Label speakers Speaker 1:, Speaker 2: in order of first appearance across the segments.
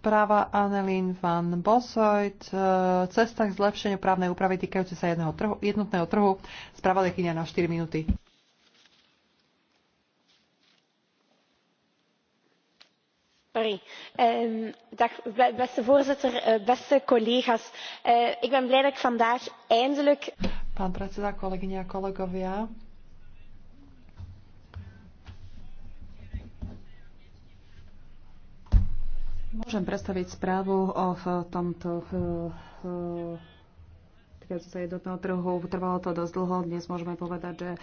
Speaker 1: Správa Annelien van Bosoit, e, cesta k zlepšeniu právnej úpravy týkajúce sa jedného trhu, jednotného trhu. Správa Lekyňa na 4 minúty.
Speaker 2: Sorry. Um, dag beste voorzitter eh, beste collega's Uh, ik ben blij dat ik vandaag eindelijk.
Speaker 1: pán predseda kolegyne a kolegovia
Speaker 2: Môžem predstaviť správu o tomto týkajúce sa jednotného trhu. Trvalo to dosť dlho. Dnes môžeme povedať, že e,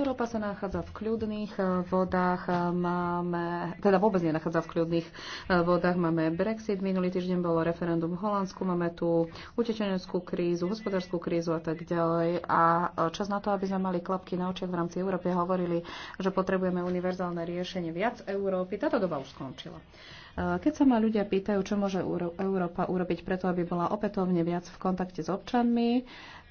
Speaker 2: Európa sa nachádza v kľudných e, vodách. E, máme, teda vôbec nenachádza v kľudných vodách. Máme Brexit. Minulý týždeň bolo referendum v Holandsku. Máme tu utečeneckú krízu, hospodárskú krízu a tak ďalej. A čas na to, aby sme mali klapky na očiach v rámci Európy hovorili, že potrebujeme univerzálne riešenie viac Európy. Táto doba už skončila. Keď sa ma ľudia pýtajú, čo môže Európa urobiť preto, aby bola opätovne viac v kontakte s občanmi,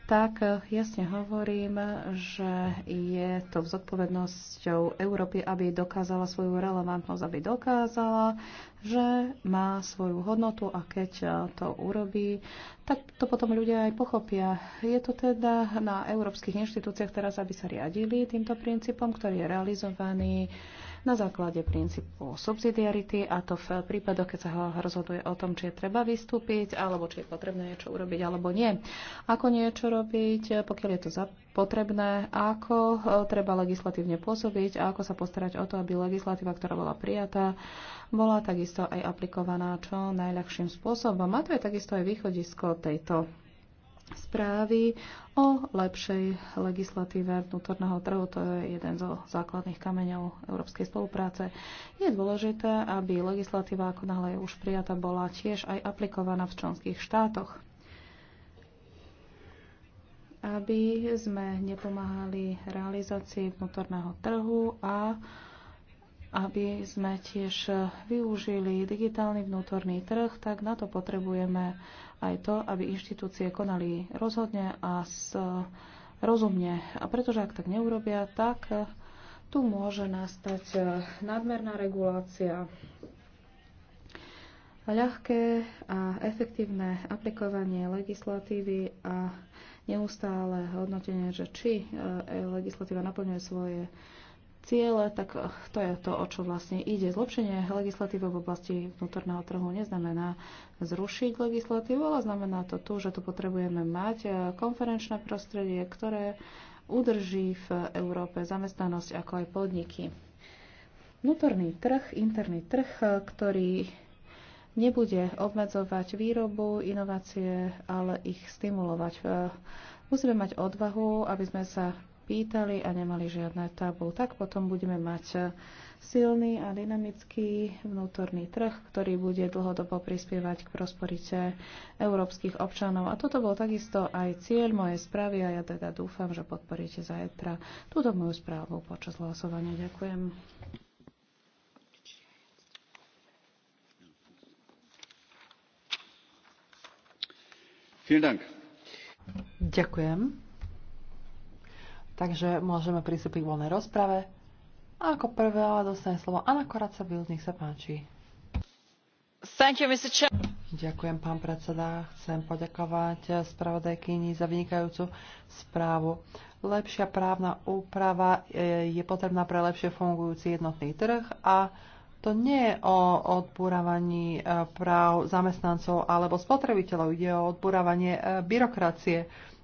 Speaker 2: tak jasne hovorím, že je to zodpovednosťou Európy, aby dokázala svoju relevantnosť, aby dokázala, že má svoju hodnotu a keď to urobí, tak to potom ľudia aj pochopia. Je to teda na európskych inštitúciách teraz, aby sa riadili týmto princípom, ktorý je realizovaný na základe princípu subsidiarity a to v prípadoch, keď sa rozhoduje o tom, či je treba vystúpiť, alebo či je potrebné niečo urobiť, alebo nie. Ako niečo robiť, pokiaľ je to potrebné, ako e, treba legislatívne pôsobiť a ako sa postarať o to, aby legislatíva, ktorá bola prijatá, bola takisto aj aplikovaná čo najľahším spôsobom. A to je takisto aj východisko tejto správy o lepšej legislatíve vnútorného trhu. To je jeden zo základných kameňov európskej spolupráce. Je dôležité, aby legislatíva, ako náhle je už prijata, bola tiež aj aplikovaná v členských štátoch aby sme nepomáhali realizácii vnútorného trhu a aby sme tiež e, využili digitálny vnútorný trh, tak na to potrebujeme aj to, aby inštitúcie konali rozhodne a s, e, rozumne. A pretože ak tak neurobia, tak e, tu môže nastať nadmerná regulácia. Ľahké a efektívne aplikovanie legislatívy a neustále hodnotenie, že či legislatíva naplňuje svoje ciele, tak to je to, o čo vlastne ide. Zlepšenie legislatívy v oblasti vnútorného trhu neznamená zrušiť legislatívu, ale znamená to tu, že tu potrebujeme mať konferenčné prostredie, ktoré udrží v Európe zamestnanosť ako aj podniky. Vnútorný trh, interný trh, ktorý nebude obmedzovať výrobu, inovácie, ale ich stimulovať. Musíme mať odvahu, aby sme sa pýtali a nemali žiadne tabu. Tak potom budeme mať silný a dynamický vnútorný trh, ktorý bude dlhodobo prispievať k prosporite európskych občanov. A toto bol takisto aj cieľ mojej správy a ja teda dúfam, že podporíte zajtra túto moju správu počas hlasovania. Ďakujem.
Speaker 1: Ďakujem. Takže môžeme pristúpiť k voľnej rozprave. A ako prvá dostane slovo Anna Koraca Bild, nech sa páči. Thank you, Mr. Chair. Ďakujem, pán predseda. Chcem poďakovať spravodajkyni za vynikajúcu správu. Lepšia právna úprava e, je potrebná pre lepšie fungujúci jednotný trh a to nie je o odbúravaní e, práv zamestnancov alebo spotrebiteľov, ide o odbúravanie e, byrokracie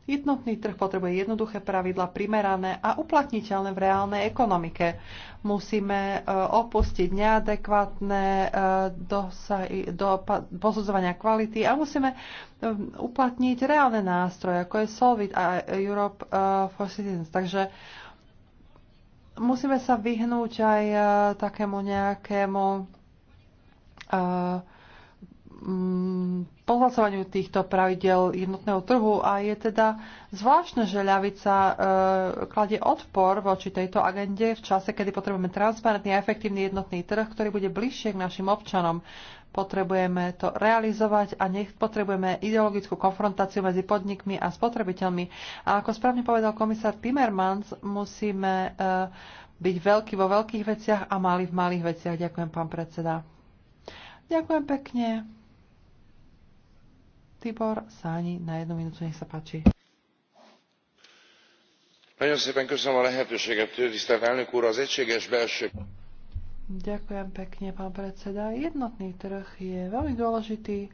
Speaker 1: Jednotný trh potrebuje jednoduché pravidla, primerané a uplatniteľné v reálnej ekonomike. Musíme e, opustiť neadekvátne e, dosahy, do posudzovania kvality a musíme e, uplatniť reálne nástroje, ako je Solvit a Europe for Citizens. Takže musíme sa vyhnúť aj takému nejakému uh, pohlasovaniu týchto pravidel jednotného trhu a je teda zvláštne, že ľavica e, kladie odpor voči tejto agende v čase, kedy potrebujeme transparentný a efektívny jednotný trh, ktorý bude bližšie k našim občanom. Potrebujeme to realizovať a nech potrebujeme ideologickú konfrontáciu medzi podnikmi a spotrebiteľmi. A ako správne povedal komisár Timmermans, musíme e, byť veľký vo veľkých veciach a malý v malých veciach. Ďakujem, pán predseda. Ďakujem pekne. Tibor Sáni na jednu minútu, nech sa páči.
Speaker 2: Nagyon szépen köszönöm a lehetőséget, tisztelt elnök úr, az egységes belső...
Speaker 1: Ďakujem pekne, pán predseda. Jednotný trh je veľmi dôležitý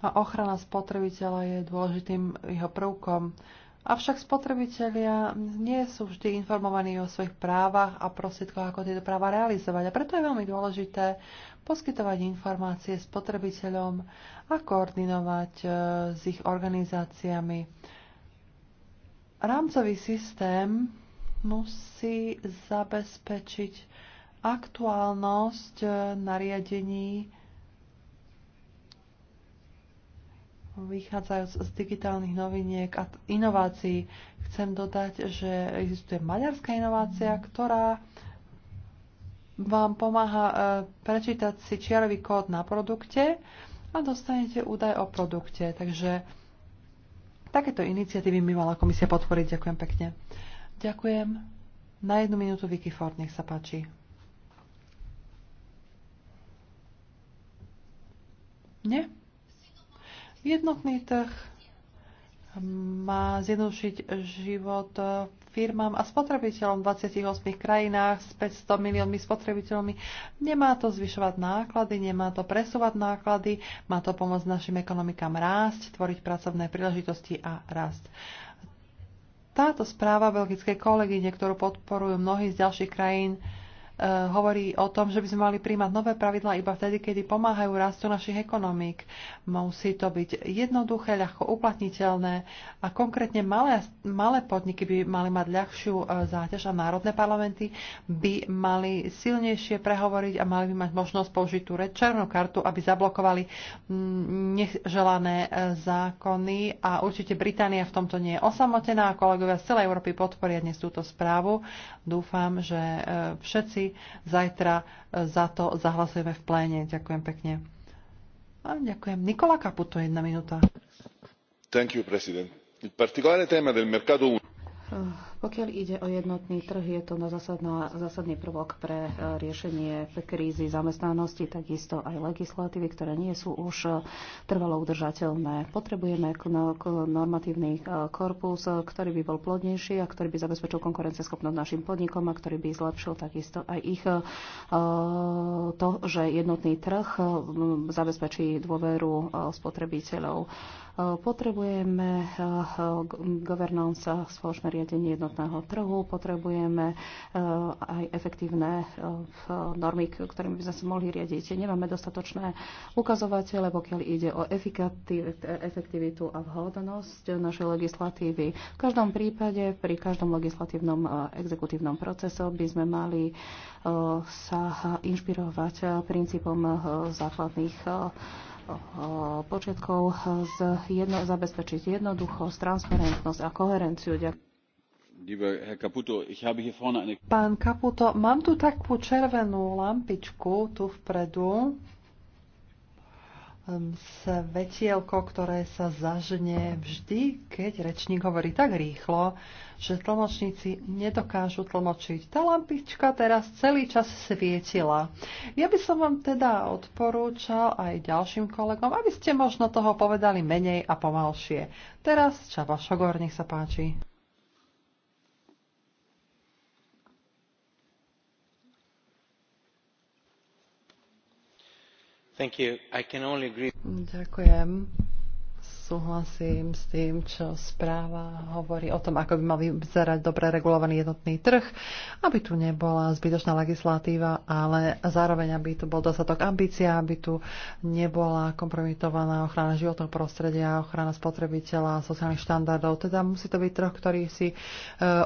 Speaker 1: a ochrana spotrebiteľa je dôležitým jeho prvkom. Avšak spotrebitelia nie sú vždy informovaní o svojich právach a prostriedkoch, ako tieto práva realizovať. A preto je veľmi dôležité poskytovať informácie spotrebiteľom a koordinovať e, s ich organizáciami. Rámcový systém musí zabezpečiť aktuálnosť e, nariadení vychádzajúc z digitálnych noviniek a inovácií. Chcem dodať, že existuje maďarská inovácia, ktorá vám pomáha e, prečítať si čiarový kód na produkte a dostanete údaj o produkte. Takže takéto iniciatívy mi mala komisia podporiť. Ďakujem pekne. Ďakujem. Na jednu minútu Vicky Ford, nech sa páči. Nie? Jednotný trh má zjednodušiť život firmám a spotrebiteľom v 28 krajinách s 500 miliónmi spotrebiteľmi. Nemá to zvyšovať náklady, nemá to presúvať náklady, má to pomôcť našim ekonomikám rásť, tvoriť pracovné príležitosti a rast. Táto správa belgickej kolegyne, ktorú podporujú mnohí z ďalších krajín, E, hovorí o tom, že by sme mali príjmať nové pravidlá iba vtedy, kedy pomáhajú rastu našich ekonomík. Musí to byť jednoduché, ľahko uplatniteľné a konkrétne malé, malé podniky by mali mať ľahšiu e, záťaž a národné parlamenty by mali silnejšie prehovoriť a mali by mať možnosť použiť tú černú kartu, aby zablokovali mm, neželané e, zákony a určite Británia v tomto nie je osamotená a kolegovia z celej Európy podporia dnes túto správu. Dúfam, že všetci podpory. Zajtra e, za to zahlasujeme v pléne. Ďakujem pekne. A ďakujem. Nikola Kaputo, jedna minúta. Thank you, President. Il particolare tema del mercato
Speaker 2: pokiaľ ide o jednotný trh, je to na zásadná, zásadný prvok pre e, riešenie krízy zamestnanosti, takisto aj legislatívy, ktoré nie sú už e, trvalo udržateľné. Potrebujeme no, normatívny e, korpus, ktorý by bol plodnejší a ktorý by zabezpečil konkurenceschopnosť našim podnikom a ktorý by zlepšil takisto aj ich to, že jednotný trh zabezpečí dôveru spotrebiteľov. Potrebujeme eh, governance a spoločné riadenie jednotného trhu, potrebujeme eh, aj efektívne eh, normy, ktorými by sme sa mohli riadiť. Nemáme dostatočné ukazovatele, pokiaľ ide o efektivitu a vhodnosť našej legislatívy. V každom prípade, pri každom legislatívnom exekutívnom procese by sme mali sa inšpirovať princípom základných počiatkov eh, z jedno, zabezpečiť jednoduchosť, transparentnosť a koherenciu. Pán Kaputo, mám tu takú červenú
Speaker 1: lampičku tu vpredu. Hm, svetielko, ktoré sa zažne vždy, keď rečník hovorí tak rýchlo, že tlmočníci nedokážu tlmočiť. Tá lampička teraz celý čas svietila. Ja by som vám teda odporúčal aj ďalším kolegom, aby ste možno toho povedali menej a pomalšie. Teraz Čaba Šogor, nech sa páči. Ďakujem súhlasím s tým, čo správa hovorí o tom, ako by mal vyzerať dobre regulovaný jednotný trh, aby tu nebola zbytočná legislatíva, ale zároveň, aby tu bol dostatok ambícia, aby tu nebola kompromitovaná ochrana životného prostredia, ochrana spotrebiteľa, sociálnych štandardov. Teda musí to byť trh, ktorý si e,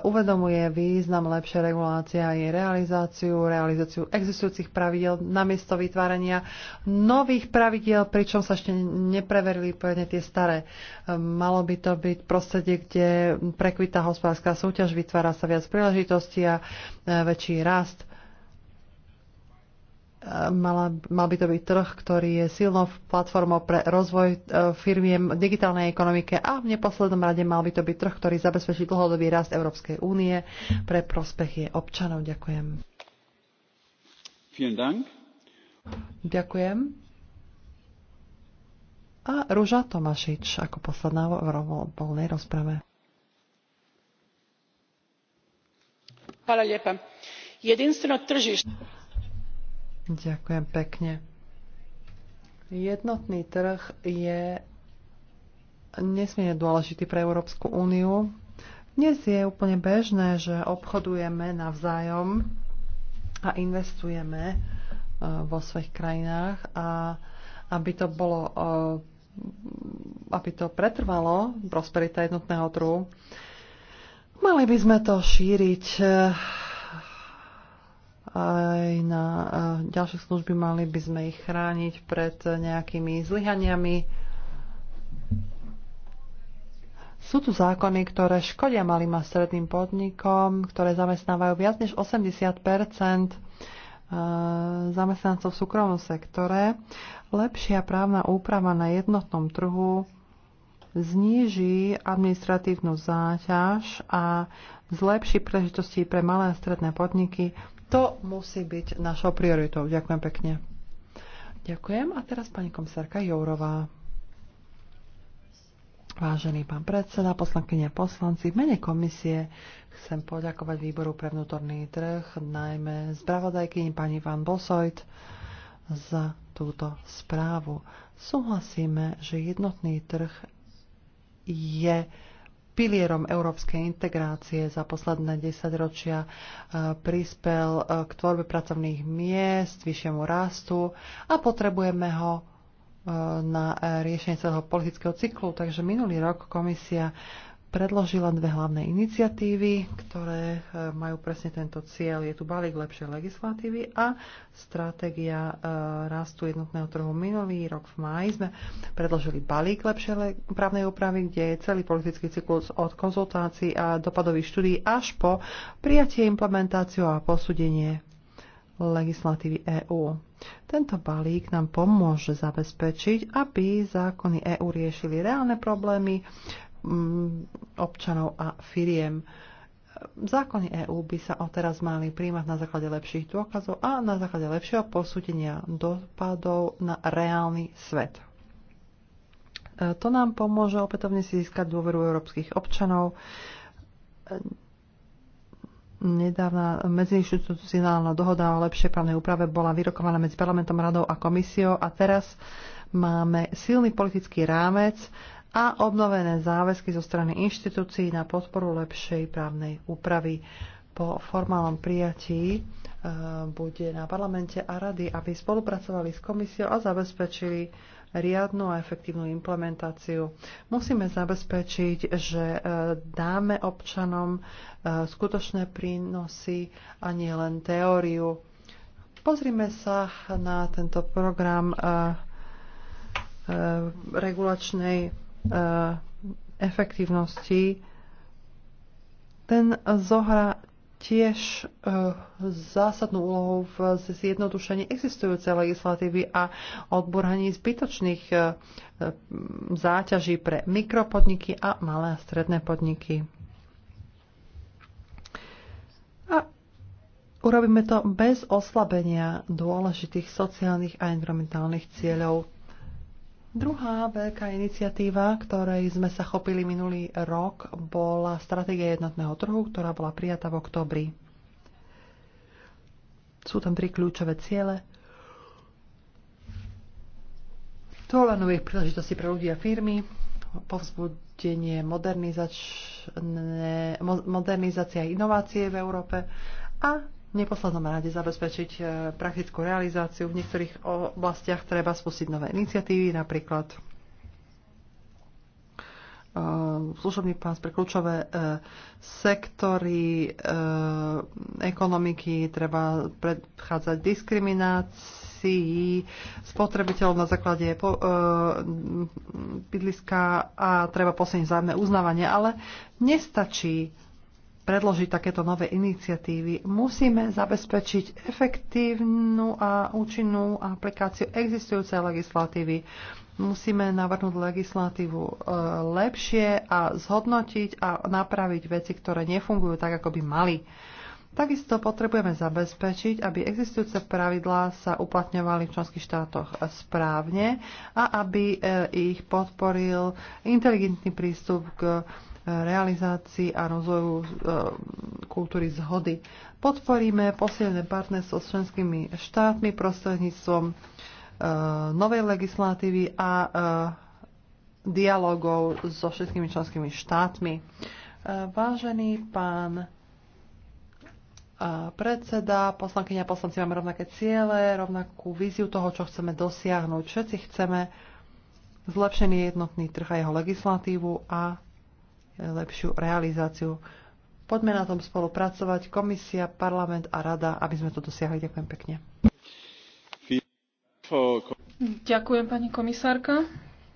Speaker 1: uvedomuje význam lepšie regulácie a jej realizáciu, realizáciu existujúcich pravidel namiesto vytvárania nových pravidel, pričom sa ešte nepreverili úplne tie staré tvare. E, malo by to byť prostredie, kde prekvita hospodárska súťaž, vytvára sa viac príležitostí a e, väčší rast. E, mala, mal by to byť trh, ktorý je silnou platformou pre rozvoj firmiem digitálnej ekonomike a v neposlednom rade mal by to byť trh, ktorý zabezpečí dlhodobý rast Európskej únie pre prospech občanov. Ďakujem. Ďakujem a Ruža Tomašič ako posledná v voľnej rozprave.
Speaker 2: Hvala lijepa. Jedinstveno tržište.
Speaker 1: Ďakujem pekne. Jednotný trh je nesmierne dôležitý pre Európsku úniu. Dnes je úplne bežné, že obchodujeme navzájom a investujeme eh, vo svojich krajinách a aby to bolo eh, aby to pretrvalo, prosperita jednotného trhu, mali by sme to šíriť eh, aj na eh, ďalšie služby, mali by sme ich chrániť pred nejakými zlyhaniami. Sú tu zákony, ktoré škodia malým a stredným podnikom, ktoré zamestnávajú viac než 80 Eh, zamestnancov v súkromnom sektore, lepšia právna úprava na jednotnom trhu zníži administratívnu záťaž a zlepší príležitosti pre malé a stredné podniky. To musí byť našou prioritou. Ďakujem pekne. Ďakujem. A teraz pani komisárka Jourová. Vážený pán predseda, poslankyne poslanci, v mene komisie chcem poďakovať výboru pre vnútorný trh, najmä spravodajkyni pani Van Bosoit za túto správu. Súhlasíme, že jednotný trh je pilierom európskej integrácie za posledné desaťročia e, prispel e, k tvorbe pracovných miest, vyššiemu rastu a potrebujeme ho E, na riešenie celého politického cyklu. Takže minulý rok komisia predložila dve hlavné iniciatívy, ktoré e, majú presne tento cieľ. Je tu balík lepšej legislatívy a stratégia e, rastu jednotného trhu. Minulý rok v máji sme predložili balík lepšej právnej úpravy, kde je celý politický cyklus od konzultácií a dopadových štúdí až po prijatie, implementáciu a posúdenie legislatívy EÚ. Tento balík nám pomôže zabezpečiť, aby zákony EÚ riešili reálne problémy mm, občanov a firiem. Zákony EÚ by sa odteraz mali príjmať na základe lepších dôkazov a na základe lepšieho posúdenia dopadov na reálny svet. E, to nám pomôže opätovne si získať dôveru európskych občanov Nedávna medziinstitucionálna dohoda o lepšej právnej úprave bola vyrokovaná medzi parlamentom, radou a komisiou a teraz máme silný politický rámec a obnovené záväzky zo strany inštitúcií na podporu lepšej právnej úpravy. Po formálnom prijatí Eh, bude na parlamente a rady, aby spolupracovali s komisiou a zabezpečili riadnu a efektívnu implementáciu. Musíme zabezpečiť, že eh, dáme občanom eh, skutočné prínosy a nie len teóriu. Pozrime sa na tento program regulačnej efektívnosti. Ten zohra tiež e, zásadnú úlohou v zjednodušení existujúcej legislatívy a odborhaní zbytočných e, záťaží pre mikropodniky a malé a stredné podniky. A urobíme to bez oslabenia dôležitých sociálnych a environmentálnych cieľov Druhá veľká iniciatíva, ktorej sme sa chopili minulý rok, bola stratégia jednotného trhu, ktorá bola prijatá v oktobri. Sú tam tri kľúčové ciele. Tvoľa nových príležitostí pre ľudí a firmy, povzbudenie modernizač... modernizácia a inovácie v Európe a neposlednom rade zabezpečiť e, praktickú realizáciu. V niektorých oblastiach treba spustiť nové iniciatívy, napríklad e, služobný pás pre kľúčové e, sektory ekonomiky, treba predchádzať diskriminácii spotrebiteľov na základe bydliska a treba posledniť zájme uznávanie, ale nestačí predložiť takéto nové iniciatívy, musíme zabezpečiť efektívnu a účinnú aplikáciu existujúcej legislatívy. Musíme navrhnúť legislatívu e, lepšie a zhodnotiť a napraviť veci, ktoré nefungujú tak, ako by mali. Takisto potrebujeme zabezpečiť, aby existujúce pravidlá sa uplatňovali v členských štátoch správne a aby e, ich podporil inteligentný prístup k realizácii a rozvoju e, kultúry zhody. Podporíme posilné partnerstvo s členskými štátmi prostredníctvom e, novej legislatívy a e, dialogov so všetkými členskými štátmi. Vážený pán predseda, poslankyňa a poslanci máme rovnaké ciele, rovnakú víziu toho, čo chceme dosiahnuť. Všetci chceme zlepšený jednotný trh a jeho legislatívu a lepšiu realizáciu. Poďme na tom spolupracovať, komisia, parlament a rada, aby sme to dosiahli. Ďakujem pekne.
Speaker 2: Ďakujem, pani komisárka.